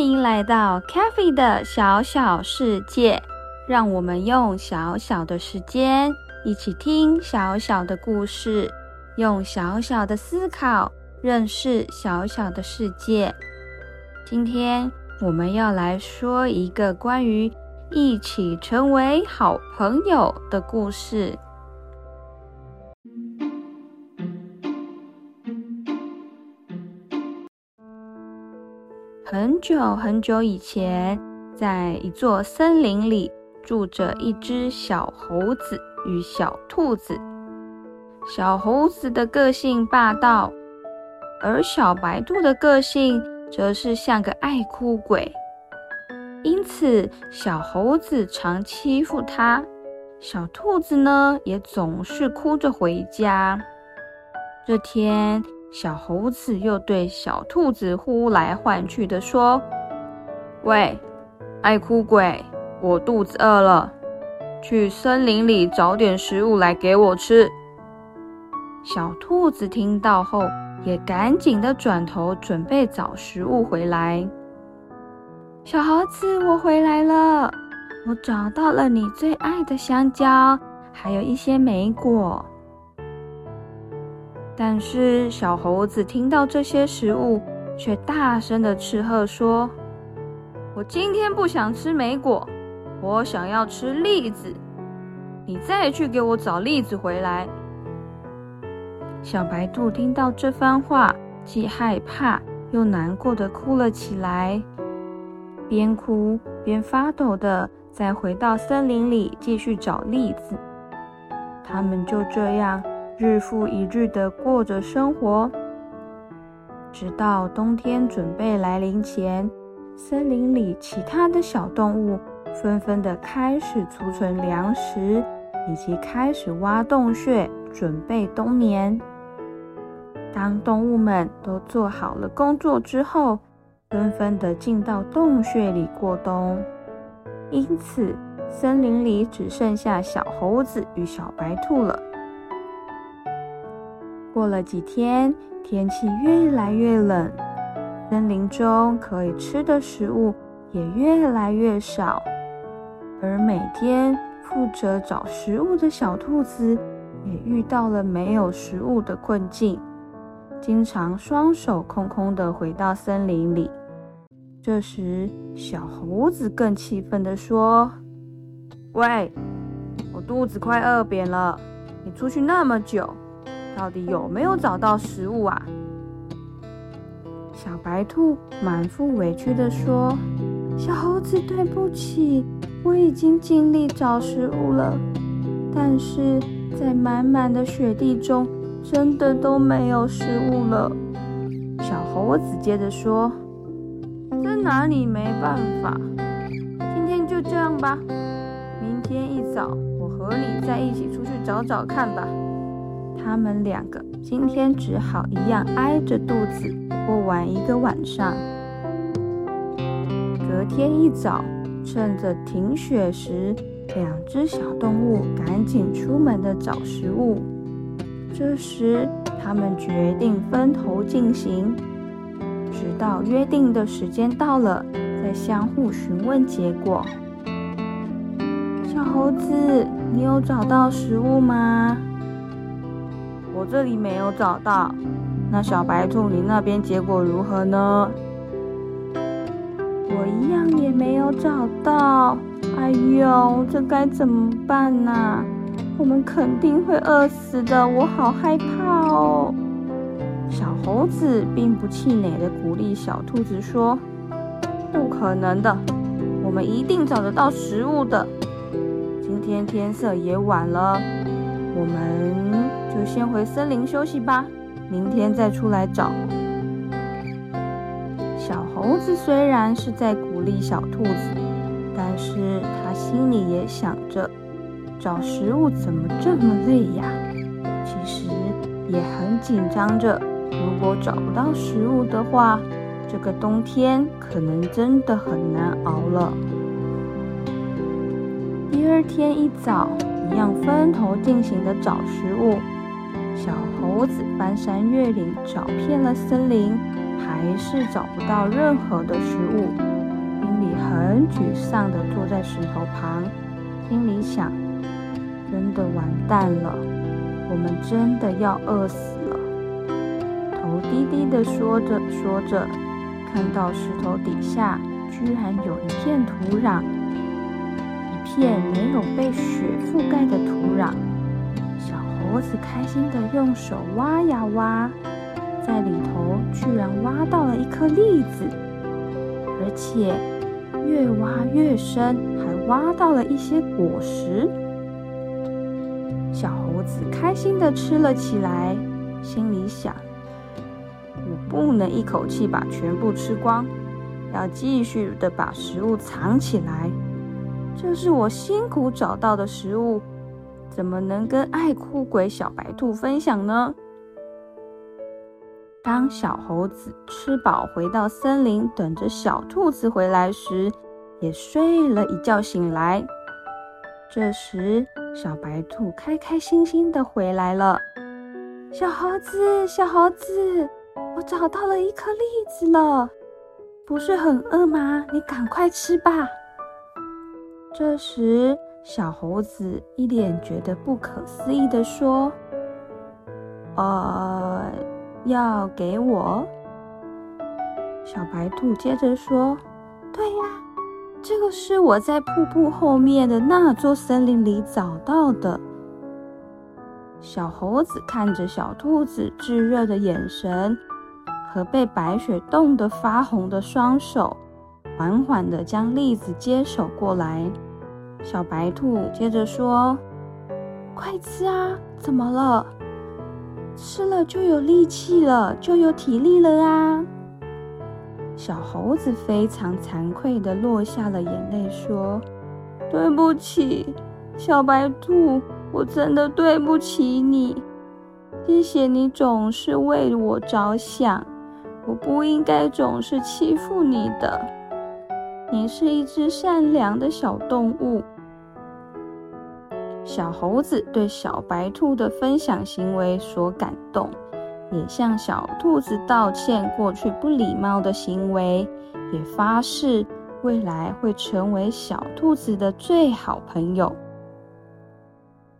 歡迎來到 Kathy 的小小世界，讓我們用小小的時間一起聽小小的故事，用小小的思考認識小小的世界。今天我們要來說一個關於一起成為好朋友的故事。很久很久以前，在一座森林裡住着一隻小猴子與小兔子。小猴子的個性霸道，而小白兔的個性則是像個愛哭鬼。因此，小猴子常欺負它，小兔子呢，也總是哭着回家。這天，小猴子又對小兔子呼來喚去的說：“喂，愛哭鬼，我肚子餓了，去森林裡找點食物來給我吃。”小兔子聽到後，也趕緊的轉頭準備找食物回來。小猴子，我回來了，我找到了你最愛的香蕉，還有一些莓果。但是小猴子聽到這些食物，卻大聲的斥喝說：“我今天不想吃莓果，我想要吃栗子，你再去給我找栗子回來。”小白兔聽到這番話，既害怕又難過的哭了起來，邊哭邊發抖的再回到森林裡繼續找栗子。他們就這樣。日復一日的過着生活，直到冬天準備來臨前，森林裡其他的小動物紛紛的開始儲存糧食，以及開始挖洞穴，準備冬眠。當動物們都做好了工作之後，紛紛的進到洞穴裡過冬。因此，森林裡只剩下小猴子與小白兔了。過了幾天，天氣越來越冷，森林中可以吃的食物也越來越少，而每天負責找食物的小兔子也遇到了沒有食物的困境，經常雙手空空的回到森林裡。這時，小猴子更氣憤地說：“喂，我肚子快餓扁了，你出去那麼久。”到底有沒有找到食物啊？小白兔滿腹委屈地說：“小猴子，對不起，我已經盡力找食物了，但是在滿滿的雪地中，真的都沒有食物了。”小猴子接着說：“真拿你沒辦法，今天就這樣吧，明天一早我和你再一起出去找找看吧。”他們兩個今天只好一樣挨着肚子過完一個晚上。隔天一早，趁着停雪時，兩隻小動物趕緊出門的找食物。這時，他們決定分頭進行，直到約定的時間到了，再相互詢問結果。小猴子，你有找到食物嗎？我這裡沒有找到，那小白兔你那邊結果如何呢？我一樣也沒有找到，哎呦，這該怎麼辦呢？我們肯定會餓死的，我好害怕哦。小猴子並不氣餒地鼓勵小兔子說：“不可能的，我們一定找得到食物的。今天天色也晚了，我們。”就先回森林休息吧，明天再出來找。小猴子雖然是在鼓勵小兔子，但是他心裡也想着，找食物怎麼這麼累呀、啊？其實也很緊張着，如果找不到食物的話，這個冬天可能真的很難熬了。第二天一早，一樣分頭進行的找食物。小猴子翻山越嶺，找遍了森林，還是找不到任何的食物。心裡很沮喪地坐在石頭旁，心裡想：真的完蛋了，我們真的要餓死了。頭低低地說着說着，看到石頭底下居然有一片土壤，一片沒有被雪覆蓋的土壤。小猴子開心地用手挖呀挖，在裡頭居然挖到了一顆栗子，而且越挖越深，還挖到了一些果實。小猴子開心地吃了起來，心裡想：我不能一口氣把全部吃光，要繼續地把食物藏起來。這是我辛苦找到的食物。怎麼能跟愛哭鬼小白兔分享呢？當小猴子吃飽回到森林，等着小兔子回來時，也睡了一覺醒來。這時，小白兔開開心心地回來了。小猴子，小猴子，我找到了一顆栗子了。不是很餓嗎？你趕快吃吧。這時。小猴子一臉覺得不可思議地說：“呃，要給我？”小白兔接着說：“對呀，這個是我在瀑布後面的那座森林裡找到的。”小猴子看着小兔子炙熱的眼神和被白雪凍得發紅的雙手，緩緩地將栗子接手過來。小白兔接着說：“快吃啊！怎麼了？吃了就有力氣了，就有體力了啊！”小猴子非常慚愧地落下了眼淚，說：“對不起，小白兔，我真的對不起你。謝謝你總是為我着想，我不應該總是欺負你的。”你是一隻善良的小動物，小猴子對小白兔的分享行為所感動，也向小兔子道歉過去不禮貌的行為，也發誓未來會成為小兔子的最好朋友。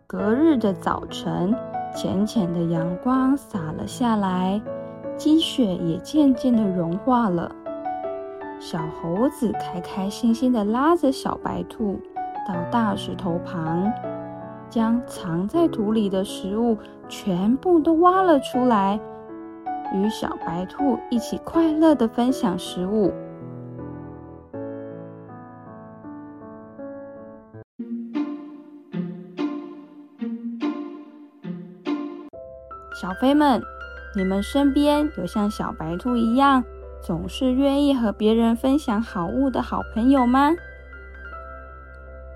隔日的早晨，淺淺的陽光灑了下來，積雪也漸漸的融化了。小猴子開開心心的拉着小白兔到大石頭旁，將藏在土裡的食物全部都挖了出來，與小白兔一起快樂的分享食物。小飛們，你們身邊有像小白兔一樣總是願意和別人分享好物的好朋友嗎？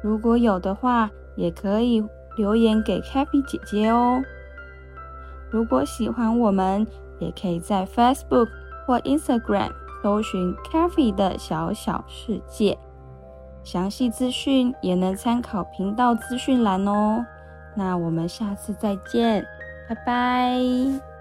如果有的話，也可以留言給 Cathy 姐姐哦。如果喜歡我們，也可以在 Facebook 或 Instagram 搜尋 Cathy 的小小世界。詳細資訊也能參考頻道資訊欄哦。那我們下次再見，拜拜。